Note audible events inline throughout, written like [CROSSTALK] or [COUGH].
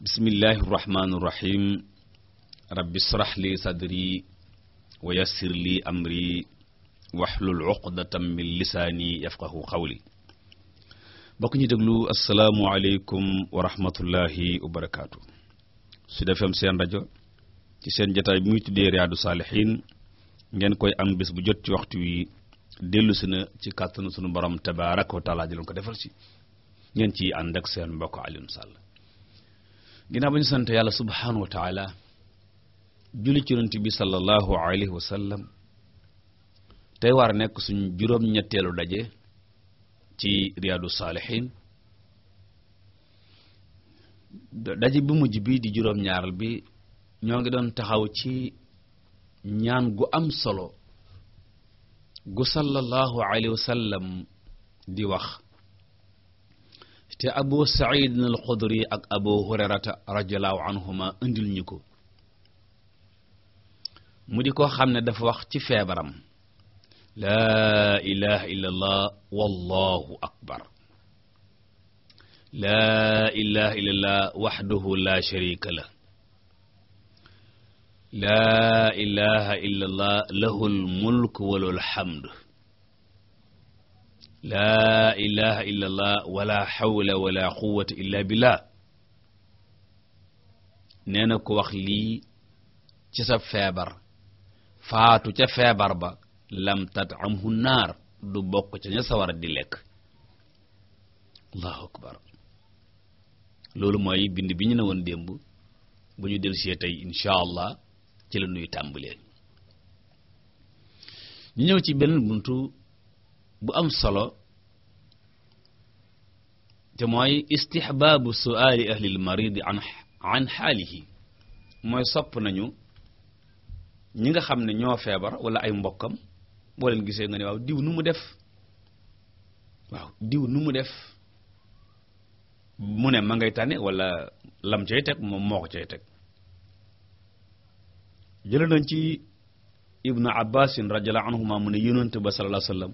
bismillahi irrahmani irrahim rabbi israh li sadri wa yassir li amri waxlul uqdatam min lisaani yafqahu qawli bokk ñu déglu asalaamu aleykum wa rahmatullahi su defem seen rajo ci seen jotaay bi muy tuddee riyaadu saalihiin ngeen koy am bés bu jot ci waxtu wi dellu si na ci kàttanu sunu borom tabaaraka wa taala di leen ko defal si ngeen ci ànd ak seen mbokk Alioune Sall ginnaaw ba ñu sant yàlla subhaanahu wa taala julli ci yonent bi sallallahu alayhi wa sallam tey war a nekk suñ juróom-ñetteelu daje ci riyaadu saalihin daje bu mujj bi di juróom-ñaaral bi ñoo ngi doon taxaw ci ñaan gu am solo gu sallallahu alayhi wa di wax te abu said al xudri ak abu hurairata radiallahu anhuma indil ñu ko mu di koo xam ne dafa wax ci feebaram laa ilaha illa allah wallahu akbar laa ilaha illa allah waxdahu la sharika la laa ilaha illa allah lahu al mulk wa lahu al hamd laa ilaha illa allah wala hawla wala quwata illa billah nee na ko wax lii ci sa feebar faatu ca feebar ba lam tatamhu naar du bokk ca ña sawar di lekk allahu akbar loolu mooy bind bi ñu ne woon démb bu ñu del see tey incha allah ci la nuy tàmbalee ñu ñëw beneen buntu bu am solo te mooy istihbaabu suaali ahlil maridi an an mooy sopp nañu ñi nga xam ne ñoo feebar wala ay mbokkam boo leen gisee nga ne waaw diw nu mu def waaw nu mu def mu ne ma ngay tane wala lam cay teg moom moo ko cay teg jëla nañ ci ibnu abbasin radiyallahu anhuma mu ne yonent ba sallallahu alayhi wasallam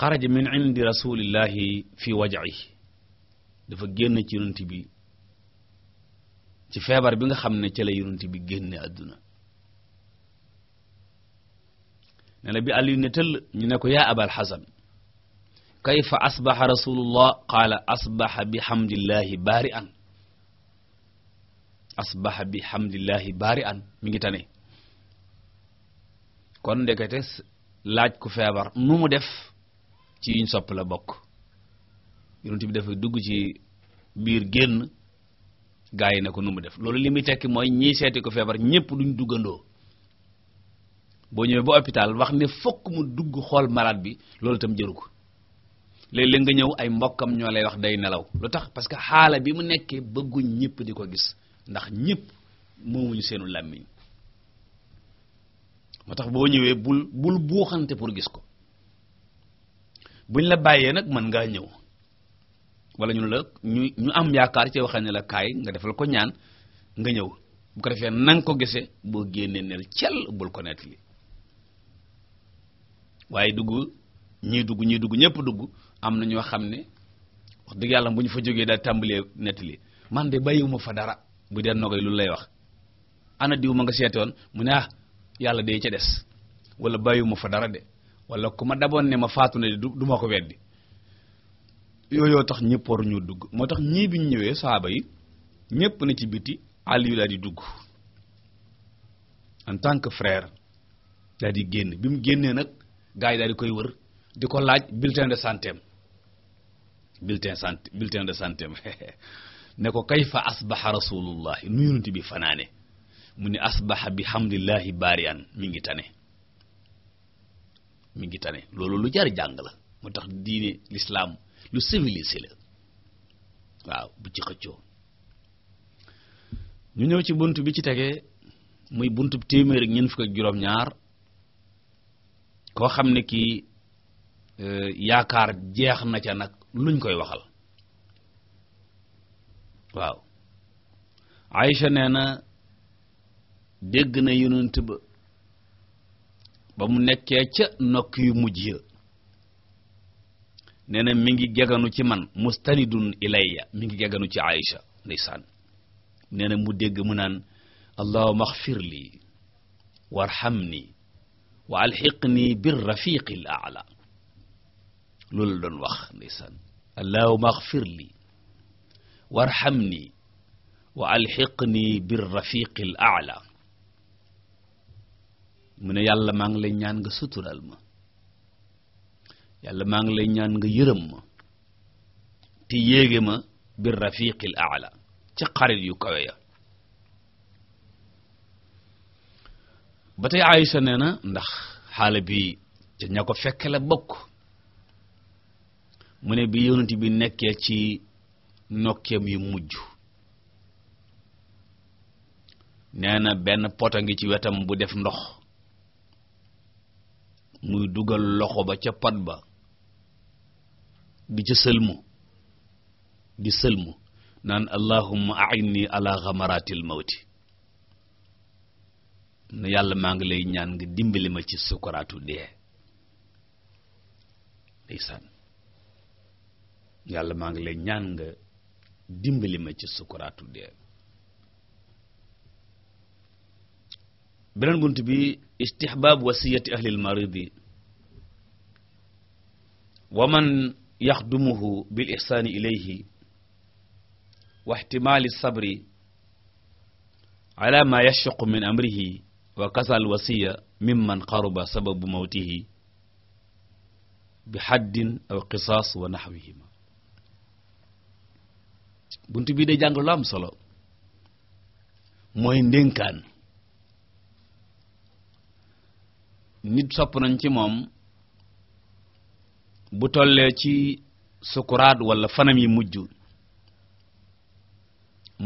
xaraja min indi rasulillahi fi waja'i dafa génn ci yonent bi ci feebar bi nga xam ne ca la yonent bi génne àdduna ne na bi Aliyu ne tëll ñu ne ko yaa abal xasan kayfa asbaxa rasulullah qaala asbaxa bi hamdillahi baari an bi hamdillahi baari an mi ngi tane kon ndekete laaj ku feebar nu mu def ci yuñ sopp la bokk yonent bi dafa dugg ci biir génn gaa yi ne ko nu mu def loolu li muy tekki mooy ñiy seeti ko feebar ñépp duñ duggandoo boo ñëwee ba hôpital wax ne fokk mu dugg xool malade bi loolu itam jëru ko léeg-léeg nga ñëw ay mbokkam ñoo lay wax day nelaw lu tax parce que xaala bi mu nekkee bëgguñ ñépp di ko gis ndax ñépp moomuñu seenu làmmiñ moo tax boo ñëwee bul bul buuxante pour gis ko buñ la bàyyee nag mën ngaa ñëw wala ñu la ñu ñu am yaakaar ci waxee ne la kaay nga defal ko ñaan nga ñëw bu ko defee na nga ko gisee boo génnee neel cel bul ko nett li waaye dugg ñii dugg ñii dugg ñëpp dugg am na ñoo xam ne wax dëgg yàlla bu ñu fa jógee daal tàmbalee nett li man de bàyyiwuma fa dara bu dee nogay lu lay wax ana diw ma nga seetoon mu ne ah yàlla day ca des wala bàyyiwuma fa dara de wala ku ma daboon ne ma faatu na du ma ko weddi yoo tax ñëpp waru ñu dugg moo tax ñii bi ñu ñëwee saaba yi ñëpp na ci biti àll yu daal di dugg en tant que frère daal di génn bi mu génnee nag gars yi daal di koy wër di ko laaj bulletin de santé am bulletin santé bulletin de santé [LAUGHS] ne ko kayfa asbaha rasulullah nuyunti bi fanaane mu ne asbaha bi hamdillahi bari an mi ngi tane mi ngi tane loolu lu jar jàng la moo tax diine lislaam lu civilisé la waaw bu ci xëccoo ñu ñëw ci bunt bi ci tegee muy bunt téeméer ak ñeent fukk ak juróom-ñaar koo xam ne kii euh, yaakaar jeex na ca nag luñ koy waxal waaw Aïcha nee dégg na yonent ba ba mu nekkee ca nokk yu mu ya nee na mi ngi geganu ci man mustanidun ilayya mi ngi geganu ci Aïcha ndeysaan nee mu dégg mu naan allahumma xfir lii warhamni wa alxiqni bir rafiqil a'la loolu la doon wax ndeysaan allahumma xfir lii warhamni wa alxiqni bir rafiqil mu ne yàlla maa ngi lay ñaan nga suturaal ma yàlla maa ngi lay ñaan nga yërëm ma te yéege ma bir rafiqil aala ci xarit yu kawe ya ba tey Aysa nee ndax xaala bi ca ña ko fekke la bokk mu ne bi yonent bi nekkee ci nokkeem yu mujj nee na benn a ngi ci wetam bu def ndox muy dugal loxo ba ca pat ba di ca sëlmu di sëlmu naan allahumma a'inni ala ghamaratil mawti yàlla maa ngi lay ñaan nga dimbali ma ci sukuraatu dee ndeysaan yàlla maa ngi lay ñaan nga dimbali ma ci sukuraatu dee beneen bunt bi istihbaab wasiyati ahlil maridi wa man yaxdumuhu bil ihsaani ilayhi wa ihtimaali sabri ala ma yashuqu min amrihi wa kasal wasiya mimman qaruba sababu mawtihi bi haddin aw qisaas wa naxwihima bunt bii day jàng lu am solo mooy ndénkaan nit sopp nañ ci moom bu tollee ci sukuraat wala fanam yi mujj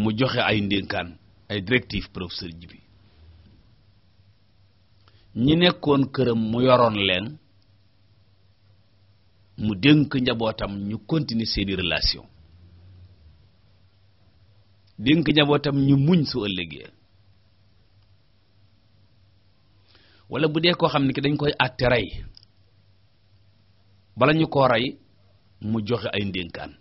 mu joxe ay ndénkaan ay directive professeur jibi bi ñi nekkoon këram mu yoroon leen mu dénk njabootam ñu continuer seeni relation dénk njabootam ñu muñ su ëllëgee wala bu dee koo xam ne ki dañ koy àtte rey bala ñu koo rey mu joxe ay ndénkaan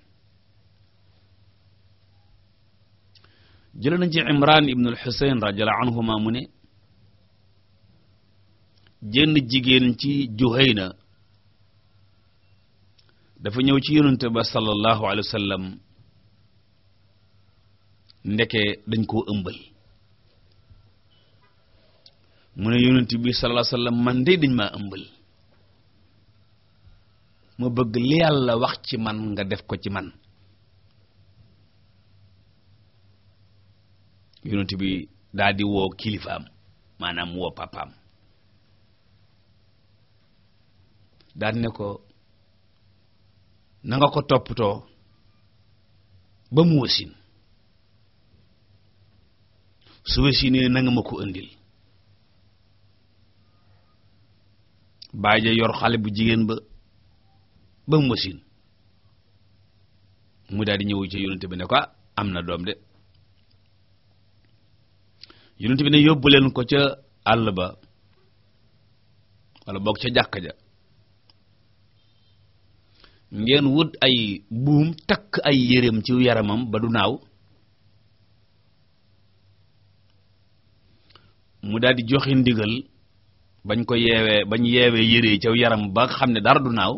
jële nañ ci imran ibn al-Husayn radiyallahu anhuma ne jenn jigéen ci na dafa ñëw ci yonente ba sallallahu alayhi wa sallam ndeke dañ koo ëmbal mu ne yonent bi sallallahu alayhi man de dañ maa ëmbal ma bëgg li yàlla wax ci man nga def ko ci man yonent bi daal di woo kilifaam maanaam woo papaam daal ne ko nanga nga ko toppatoo ba mu wasin su wasinee na nga ma ko indil baay yor xale bu jigéen ba ba mu machine mu daal di ñëw ci yonent bi ne ko ah, am na doom de yonent bi ne yóbbu leen ko ca àll ba walla boog ca jàkka ja ngeen wut ay buum takk ay yéreem ci yaramam ba du naaw mu daldi di joxe ndigal bañ ko yeewee bañ yeewee yére yi ca yaram ba xam ne dara du naaw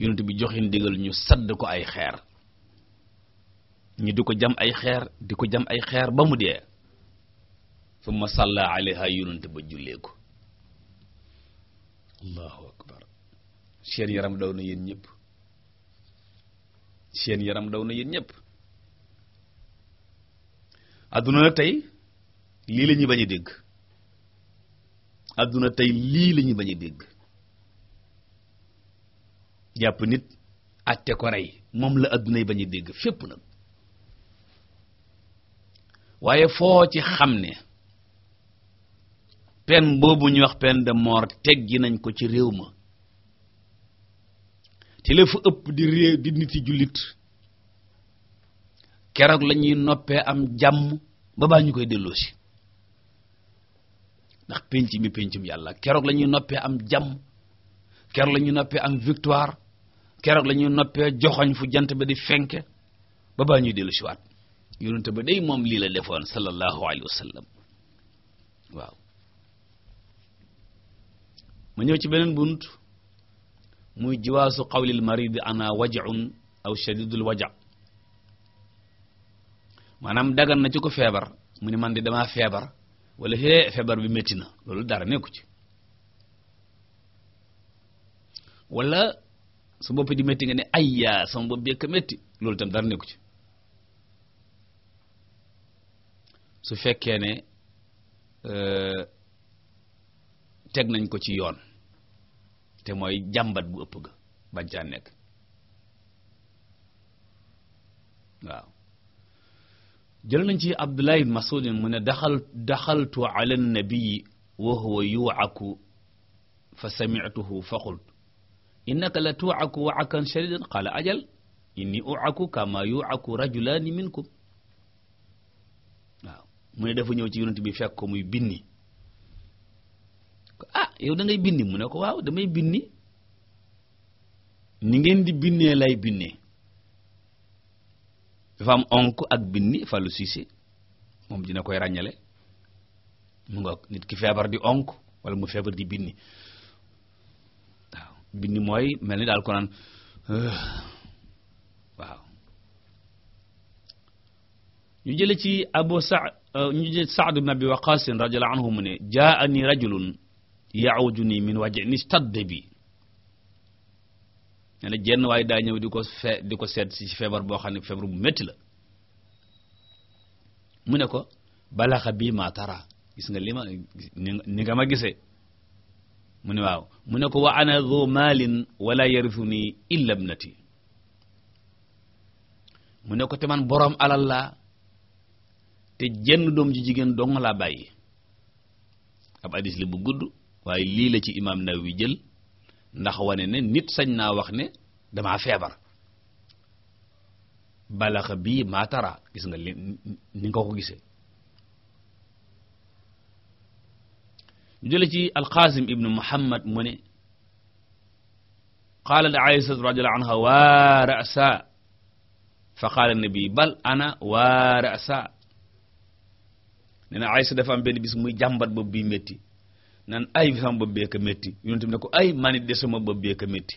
yonent bi joxe ndigal ñu sadd ko ay xeer ñu di ko jam ay xeer ko jam ay xeer ba mu dee summa salla alayha yonent ba jullee ko allahu akbar seen yaram daw na yéen ñëpp seen yaram daw na yen ñëpp adduna nag tey lii la ñuy bañ dégg àdduna tey lii la bañ a dégg jàpp nit àtte ko rey moom la àdduna yi bañ a dégg fépp nag waaye foo ci xam ne peine boobu ñuy wax peine de mort teggi nañ ko ci réew ma te la fa ëpp di réew di nit yi jullit keroog lañuy noppee am jàmm ba baa ñu koy delloosi ndax penc mi pencum yàlla keroog la ñuy noppee am jàmm keroog la ñuy noppee am victoire keroog la ñuy noppee joxoñ fu jant ba di fenke ba baa ñuy dellu siwaat yonente ba day moom lii la defoon sallallahu alayhi wa sallam waaw ma ñëw ci beneen bunt muy jiwaasu qawlil marid ana waj'un aw shadidul waja' maanaam dagan na ci ko feebar mu ne man de damaa feebar wala hee feebar bi métti na loolu dara nekku ci wala su bopp di metti nga ne ayya sama bopp bi ak métti loolu tam dara nekku ci su fekkee ne e, teg nañ ko ci yoon te mooy jàmbat bu ëpp ga bañ caa nekk waaw jël nañ ci Abdullah ibn Mas'ud mu ne daxal daxaltu ala nabii wa huwa yu'aku fa sami'tuhu fa qultu innaka la tu'aku wa'kan shadidan qala ajal inni u'aku kama yu'aku rajulani minkum mu ne dafa ñëw ci yonent bi fekk ko muy binni ah yow da binni mu ne ko waaw damay binni ni ngeen di binnee lay binnee dafa am onk ak binni Fallou Cissé moom dina koy ràññele mu nga nit ki feebar di onk wala mu feebar di binni waaw binni mooy mel ni daal ko naan waaw ñu jële ci Abu Sa euh, ñu jële ci Sa'd ibn Abi Waqqas radiyallahu anhu mu ne jaa'ani rajulun ya'uduni min waj'in ishtadda bi nee jenn waaye daa ñëw di ko di ko seet ci feebar boo xam ne feebar bu metti la mu ne ko balaxa bii maa gis nga li ma nga ma gisee mu ne waaw mu ne ko wa ana dhu maalin wala yarithuni illa ibnati mu ne ko te man boroom alal la te jenn doom ji jigéen dong laa bàyyi ab hadis li bu gudd waaye lii la ci imaam Nawawi jël ndax wane ne nit sañ naa wax ne damaa feebar balaxa bii maatara gis nga li ni nga ko gisee ñu jële ci alqasim ibnu muhammad mu ne qaalat aïsa radiyallahu anha waa ra'sa fa qaala nabi bal ana waa ra'sa nee na aïsa dafa am benn bis muy jàmbat boobu bi metti naan ay sama bopp bee a metti yonent bi ne ko ay man it de sama bopp bee ka métti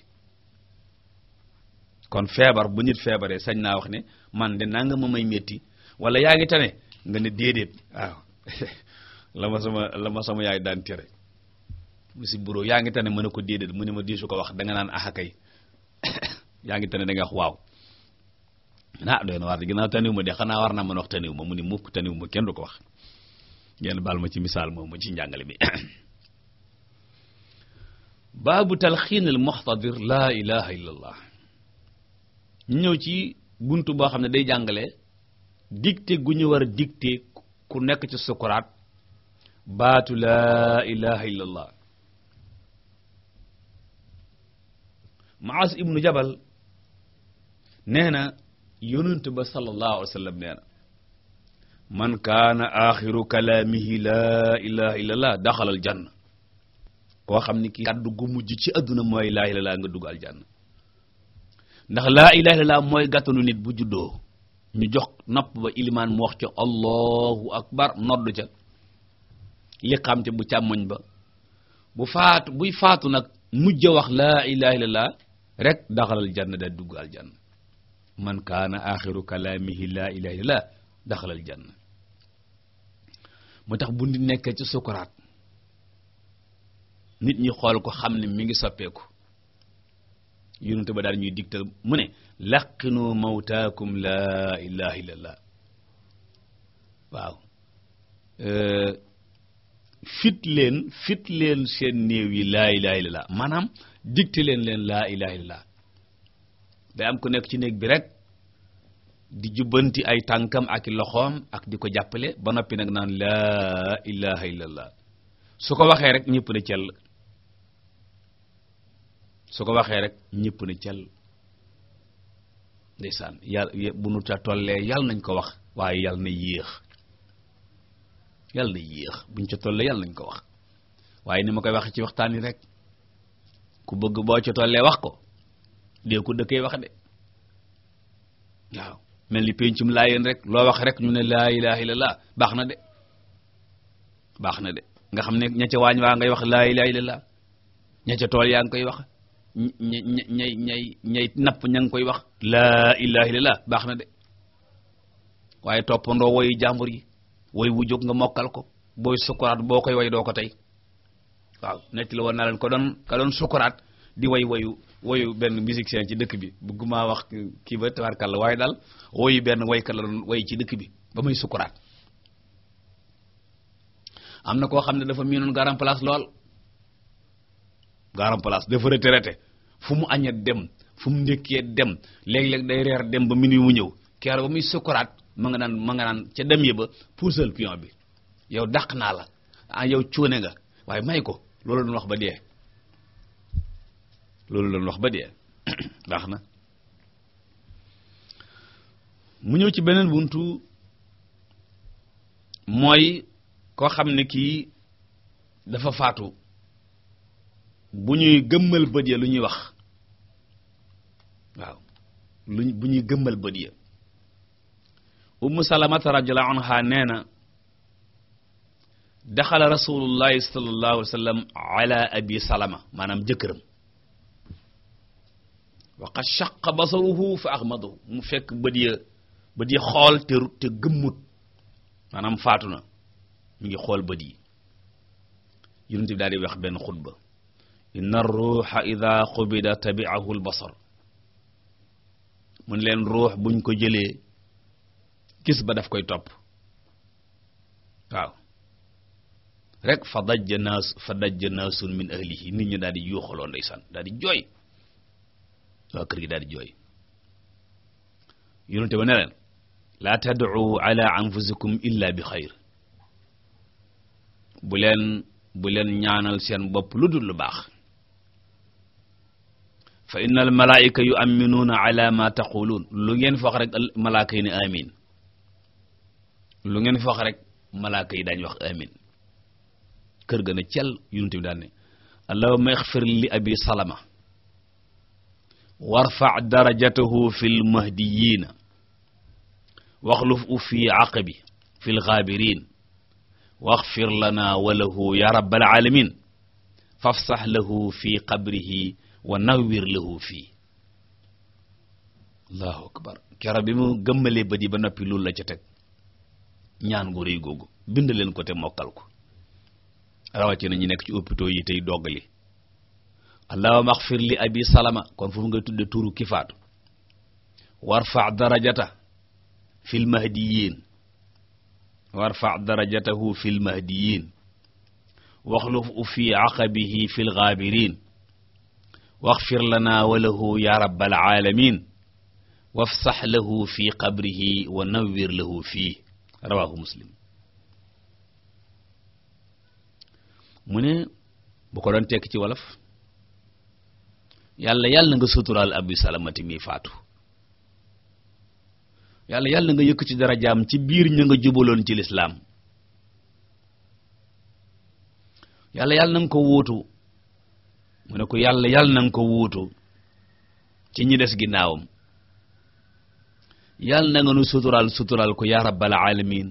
kon feebar bu nit feebaree sañ naa wax ne man de naa nga ma may métti wala yaa ngi tane nga ne déedéet [LAUGHS] la ma sama la ma sama yaay daan tere si bureau yaa ngi tane mën a ko déedéet mu ne ma diisu ko wax da nga naan axa kay [LAUGHS] yaa ngi tane da nga wax waaw ah doy na waar de naa taniw ma de xanaa war naa mën wax taniw ma mu ne mukk taniw ma kenn du ko wax ngeen baal ma ci misaal moom mu ci njàngale mi [CLEARS THROAT] baabu talxiin al muxtadir laa ilaha illa allah ñu ñëw ci bunt boo xam ne day jàngale dicté gu ñu war a dicté ku nekk ci sukuraat baatu laa ilaha illa allah maas ibnu jabal nee na yonent ba sallallahu alayhi wa sallam man kaan axiru kalaamihi laa ilaha illa allah daxalal janna koo xam ni ki kaddu gu mujj ci àdduna mooy laa ilaha illallah nga dugg aljanna ndax laa ilaha illallah mooy gàttanu nit bu juddoo ñu jox nopp ba ilimaan mu wax ca allahu akbar nodd ca li xam ca bu càmmoñ ba bu faatu buy faatu nag mujj wax laa ilaha illallah rek daxalal janna da dugg aljanna man kaana axiru kalaamihi laa ilaha illallah daxalal janna moo tax bu nit nekkee ci sukuraat nit ñi xool ko xam ne mu ngi soppeeku yonente ba daal ñuy digtal mu ne laqinu mawtaakum laa ilaha illallah waaw fit leen fit leen seen néew yi laa ilaha illallah maanaam digte leen leen laa ilaha illallah day am ku nekk ci néeg bi rek di jubbanti ay tànkam ak loxoom ak di ko jàppale ba noppi nag naan laa ilaha illallah su ko waxee rek ñëpp ne cell su ko waxee rek ñëpp na cal ndeysaan yàlla bu nu ca tollee yàlla nañ ko wax waaye yàlla na yéex yàlla na yéex buñ ca tollee yàlla nañ ko wax waaye ni ma koy waxee ci waxtaan yi rek ku bëgg boo ca tollee wax ko dee ko dëkkee wax de waaw mel ni pencum laa yéen rek loo wax rek ñu ne laa ilaha la baax na de baax na de nga xam ne ña ca waañ waa ngay wax laa ilaha la ña ca tool yaa ngi koy wax ñay ñay ñay napp ña ngi koy wax laa ilaha illallah baax na de waaye toppandoo woyu jàmbur yi woy wu jóg nga mokkal ko booy sukuraat boo koy way doo ko tey waaw nekk la woon naa leen ko doon ka doon sukuraat di way woyu woyu benn musicien ci dëkk bi bëgguma wax kii ba tabarkalla waaye daal woyu benn waykat la doon way ci dëkk bi ba muy sukuraat am na koo xam ne dafa miinoon garan place lool garam place dafa retraité fu mu añee dem fu mu ndékkee dem léeg-léeg day reer dem ba minuit mu ñëw keroog ba muy sukuraat ma nga naan ma nga naan ca dem yi ba puusal pion bi yow dàq naa la ah yow cuune nga waaye may ko loolu doon wax ba dee loolu doon wax ba dee [COUGHS] baax na mu ñëw ci beneen buntu mooy koo xam ne kii dafa faatu bu ñuy gëmmal bët ya lu ñuy wax waaw lu ñuy gëmmal bët ya ummu salamata radiyallahu anha nee na daxala rasulullahi sallallahu alayhi ala abi salama maanaam jëkkëram wa qad shaqqa fa axmadahu mu fekk bët ya bët yi xool te te gëmmut maanaam faatu na mu ngi xool bët yi yonent bi daal di wax benn xutba inna ruuxa ida qubida tabiahu lbasar mun leen ruux buñ ko jëlee kis ba daf koy topp waaw rek fa dajja naas min ahlihi nit ñi daal di yuuxaloo ndeysaan daal di jooy waa kër gi daal di jooy yonente ba ne leen laa tad'u ala anfusikum illa bi xayr bu leen bu leen ñaanal seen bopp lu dul lu baax fa inna al malaayika yu amminuuna ala ma taquluun lu ngeen fi wax rek malaaka yi ne amin lu ngeen fi wax rek malaaka yi daañu wax amin kër gën a cel yunute bi daan ne allahumma ixfir li abi salama warfa darajatahu fi lmahdiyiina waxluf u fi aqabi fi lxaabirin waxfir lana wa lahu ya rabbal alamin fafsax lahu fi qabrihi wa nawwir lahu fii allahu akbar kera bi mu gëmmalee bët yi ba noppi loolu la ca ñaan gu rëy googu bind leen ko te mokkal ko rawatina ñi nekk ci hôpitaux yi tey doggali allahumma ighfir li abi salama kon foofu ngay tudde turu faatu warfa darajata fil mahdiyin warfa darajatahu fil mahdiyin waxluf fi aqabihi fil ghabirin waxfir lana wa lahu ya rabbal alamin wafsax lahu fi qabrihi wa nawwir lahu fii rawahu muslim mu ne bu ko doon tekk ci wolof yàlla yàlla nga suturaal abu salamati mi faatu yàlla yàlla nga yëkk ci darajaam ci biir ña nga jubaloon ci lislaam yàlla na nga ko wóotu mu ne ko yàlla yàlla na nga ko wuutu ci ñi des ginnaawam yàlla na nga nu sutural suturaal ko yaa rabbal alamin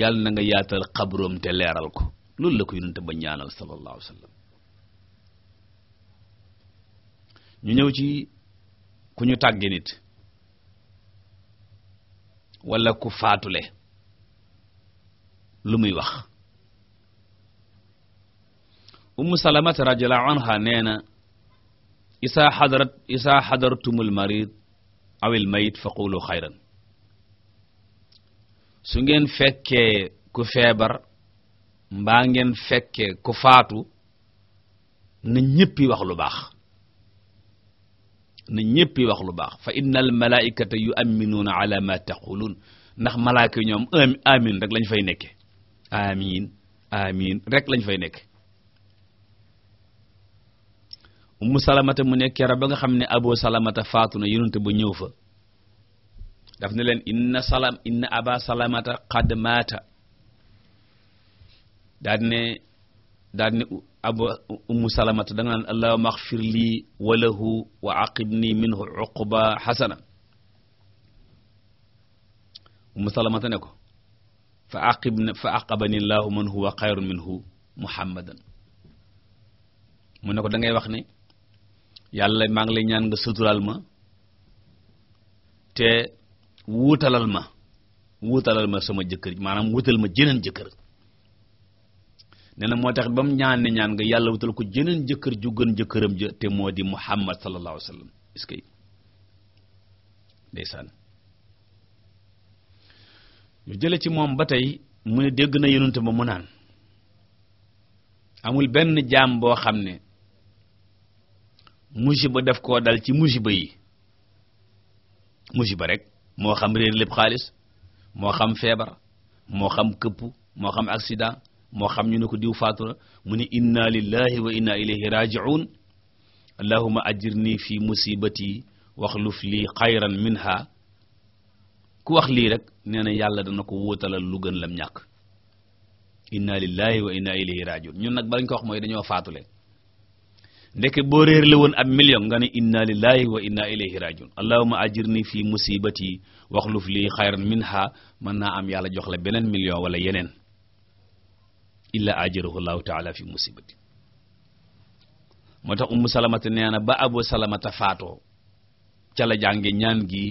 yàlla na nga yaatal xabroom te leeral ko loolu la ko yonent ba ñaanal sallallahu alayhi wa ñu ñëw ci ku ñu tàgge nit walla ku faatule lu muy wax ummu salamata radiyallahu anha nee na isaa xadarat isaa xadartumul marid awil mayit su ngeen fekkee ku feebar mbaa ngeen fekkee ku faatu na ñëppi wax lu baax na ñëppi wax lu baax fa inna al malaikata yu'minuuna ala ma taquluun ndax malaaka yi ñoom amin rek lañ fay nekke amin amin rek lañ fay nekk umu salamata mu nekk kera ba nga xam ne abu salamata faatu na yonent ba ñëw fa daf ne leen inna salam inna aba salamata qad maata daal ne daal ne abu salamata da nga naan allahumma lii wa lahu wa aqibni minhu uquba xasana umu salamata ne ko fa aqib fa aqabani llahu man huwa xayrun minhu muhammadan mu ne ko da ngay wax ne yàlla maa ngi lay ñaan nga suturaal ma te wuutalal ma wuutalal ma sama jëkkër ji maanaam wuutal ma jeneen jëkkër nee moo tax ba mu ñaan ne ñaan nga yàlla wutal ko jeneen jëkkër ju gën jëkkëram ja te moo di muhammad sallallahu alayhi wa sallam est-ce que ndeysaan jële ci moom ba tey mu ne dégg na yonent ba mu naan amul benn jaam boo xam ne musiba def ko dal ci musiba yi musiba rek moo xam réer lépp xaalis moo xam feebar moo xam këpp moo xam accident moo xam ñu ni ko diw faatura mu ne inna lillahi wa inna ilayhi raji'un allahumma ajirni fi musibati waxluf lii xayran minha ku wax lii rek nee na yàlla dana ko wóotalal lu gën lam ñàkk inna lillahi wa inna ilayhi raji'un ñun nag balañ ko wax mooy dañoo faatule ndeke boo réer la woon ab million nga ne inna lillahi wa inna ilayhi rajiun allahumma ajirni fi musibati waxluf li xayran minha mën naa am yàlla jox la beneen million wala yeneen illa ajirahu llahu taala fi musibati moo tax ummu salamata nee na ba abu salamata faatoo ca la jànge ñaan gi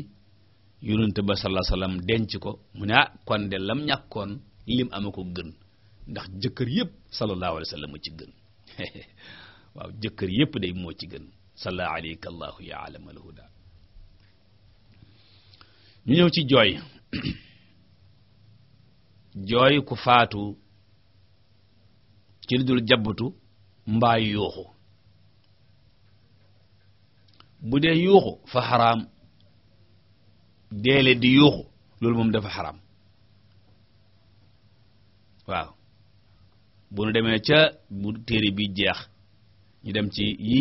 yonente ba sallallahu alayhi denc ko mu ne ah kon de lam ñàkkoon lim ama ko gën ndax jëkkër yépp sallallahu alayhi wasallam ci gën [LAUGHS] waaw jëkkër yépp day moo ci gën salla alayka allahu ya alamal huda ñu ñëw ci jooy [CLEARS THROAT] jooy ku faatu ci lu dul jabbutu mbaa yuuxu bu dee yuuxu fa xaraam deele di yuuxu loolu moom dafa xaram waaw bu nu demee ca bu téere bi jeex ñu dem ci yi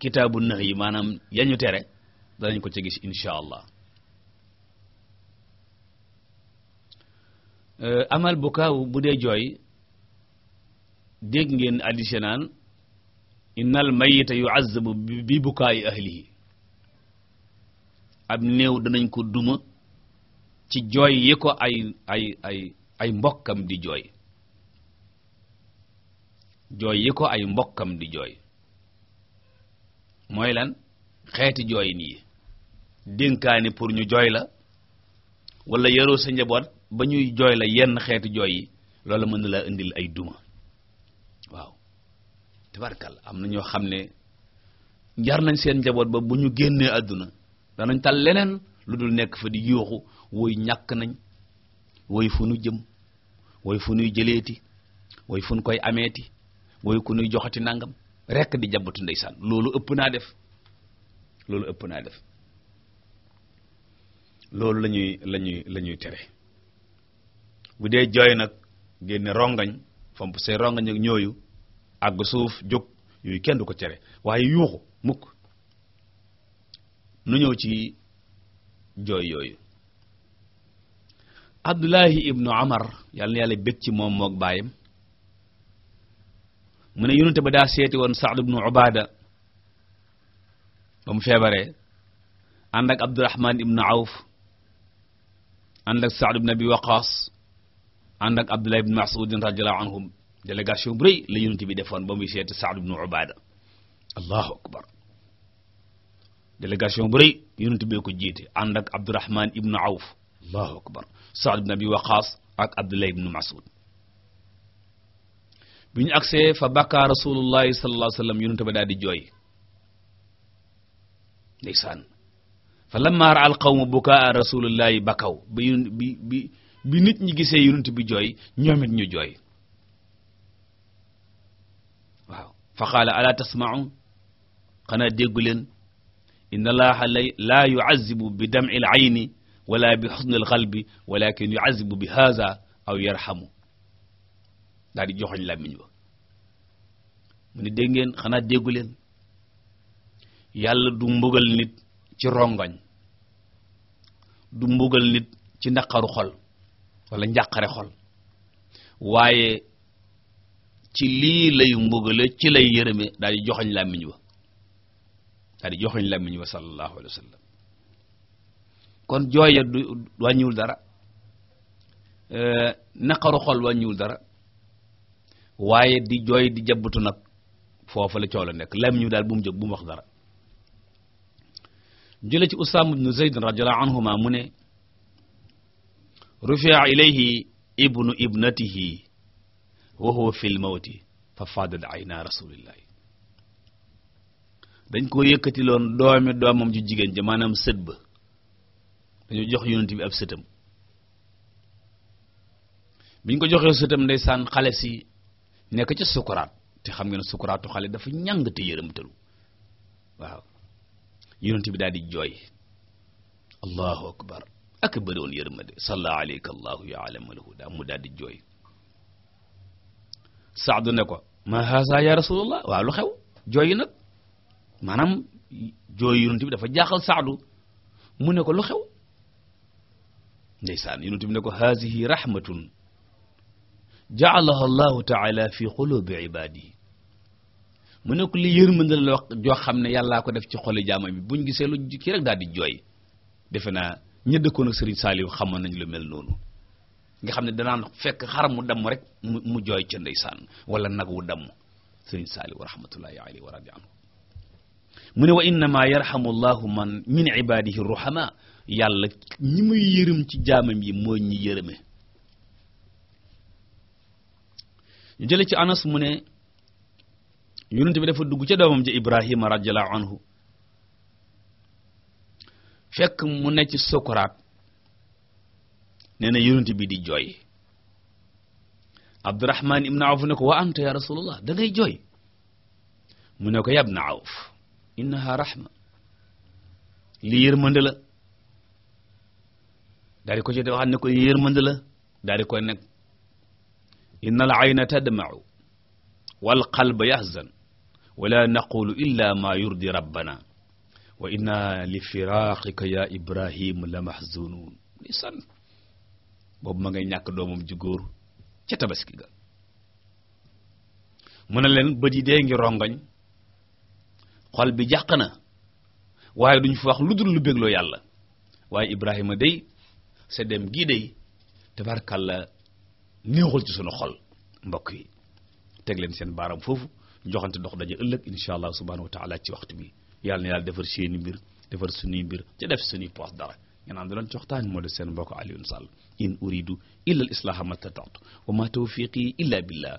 kitaabu nax yi maanaam yañu tere danañ ko ci gis insha allah euh, amal bukaaw bu dee jooy dégg ngeen addise naan innal mayita yu'azzabu bi bukaayi ahlihi ab néew danañ ko duma ci jooy yi ko ay ay ay ay mbokkam di jooy jooy yi ko ay mbokkam di jooy mooy lan xeeti jooy nii dénkaane pour ñu jooy la wala yaroo sa njaboot ba ñuy jooy la yenn xeeti jooy yi loolu mën na laa indil ay duma waaw tabarkal am na ñoo xam ne njar nañ seen njaboot ba bu ñu génnee àdduna danañ tal leneen lu dul nekk fa di yuuxu woy ñàkk nañ woy fu nu jëm woy fu nuy jëleeti woy fu koy ameeti woy ku nuy joxati nangam rekk di jabatu ndeysaan loolu ëpp naa def loolu ëpp naa def loolu la ñuy lañuy ñuy tere bu dee jooy nag génne rongañ fomp say rongañ ak ñooyu àgg suuf jóg yooyu kenn du ko tere waaye yuuxu mukk nu ñëw ci jooy yooyu Abdullahi ibnu Amar yàlla na yàlla bég ci moom moog baayam mu ne yonente ba daa seeti woon Sa'd ibn Ubaada ba mu feebaree ànd ak Abdurrahman ibn Awf ànd ak Sa'd ibn Abi Waqaas ànd ak Abdullah ibn Mas'ud radiyallahu anhum délégation bu rëy bi defoon ba muy seeti Sa'd ibn Ubaada allahu akbar délégation bu rëy yonente bee ko jiite ànd ak Abdurrahman ibn Awf akbar Sa'd ibn Abi Waqaas ak Abdullah ibn Mas'ud bi ñu agsee fa bàkkaa rasulullahi sallallahu alayhi wasallam yonente ba daal di jooy ndeysaan fa lamma ra al qawmu bukaa rasulullahi bakaw ba yun bi bi bi nit ñi gisee yonente bi jooy ñoomit ñu jooy waaw fa qaala ala tasma'un xanaa déggu leen inna allaha la yu'azzibu bi dam'il ayni wala bi husnil qalbi walakin yu'azzibu bi hadha aw yarhamu daal di joxoñ làmmiñ ba mu ne dégg ngeen xanaa déggu leen yàlla du mbugal nit ci rongoñ du mbugal nit ci naqaru xol wala njàqare xol waaye ci lii lay mbugale ci lay yërëme daal di joxoñ làmmiñ ba daal di joxoñ làmmiñ ba sallallahu alayhi wa sallam kon jooya du wàññiwul dara euh, naqaru xol wàññiwul dara waaye di jooy di jabbatu nag foofu la coow la nekk lam ñu daal bu mu jóg bu wax dara jële ci Usaama ibnu Zayd radiyallahu anhuma mu ne rufi'a ilayhi ibnu ibnatihi wa huwa fil mawti fa fadat ayna rasulillahi dañ koo yëkkatiloon loon doomi doomam ju jigéen ja maanaam sët ba dañu jox yonent bi ab sëtam biñ ko joxee sëtam ndeysaan xale si nekk ci sukuraat te xam ngeen sukuraatu xale dafa ñàng te yërëmtalu waaw yonent bi daal di jooy allahu akbar ak bëriwoon yërmande salla alayka allahu ya alamal huda mu daal di jooy saadu ne ko ma haza ya rasulullah waaw lu xew nag maanaam jooy yonent bi dafa jaaxal saadu mu ne ko lu xew ndeysaan yonent bi ne ko hazihi rahmatun jaalaha allahu taala fi xulubi ibaadihi mu ne ko li yërmande la joo xam ne yàllaa ko def ci xolu jaamam bi buñ gisee lu kii rek daal di jooy defe naa ña dëkkoon ak Serigne Saliou nañ lu mel noonu nga xam ne danaan fekk xar mu damm rek mu mu jooy ca ndeysaan wala nag wu damm Serigne Saliou rahmatullahi alayhi wa radi anhu mu ne wa innama yarhamu llahu man min ibadihi ruhama yàlla ñi mu yërëm ci jaamam yi moo ñi yërëme ñu jële ci anas mu ne yonent bi dafa dugg ca doomam ja ibrahima radiyallahu anhu fekk mu ne ci sukuraat nee na bi di jooy abdurrahman ibn awf ne ko wa anta ya rasulullah da ngay jooy mu ne ko ya ibn awf innaha rahma li yërmande la daal di ko ci wax ne ko yërmande la daal di koy innal ayna tadma'u wal qalba yahzan wala naqulu illa ma yurdi rabbana wa inna li firaqika ya ibrahim la mahzunun ni san boobu ma ngay ñàkk doomam ju góor ca tabaski ga mu ne leen bët yi dee ngi rongoñ xol bi jàq na waaye duñ fa wax lu dul lu bégloo yàlla waaye ibrahima day sa dem gii day tabarkalla neexul ci sunu xol mbokk yi teg leen seen baaram foofu joxante dox daje ëllëg insha allah subhanahu wa taala ci waxtu bi yàlla na yàlla defar seeni mbir defar sunuy bir ci def sunuy poos dara ngeen am da doon coxtaani moo de seen mbokk Alioune Sall in uridu illa al islaha mastata'tu wa ma tawfiqi illa billah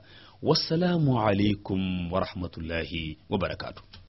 wassalaamu aleykum wa rahmatullahi wa barakaatu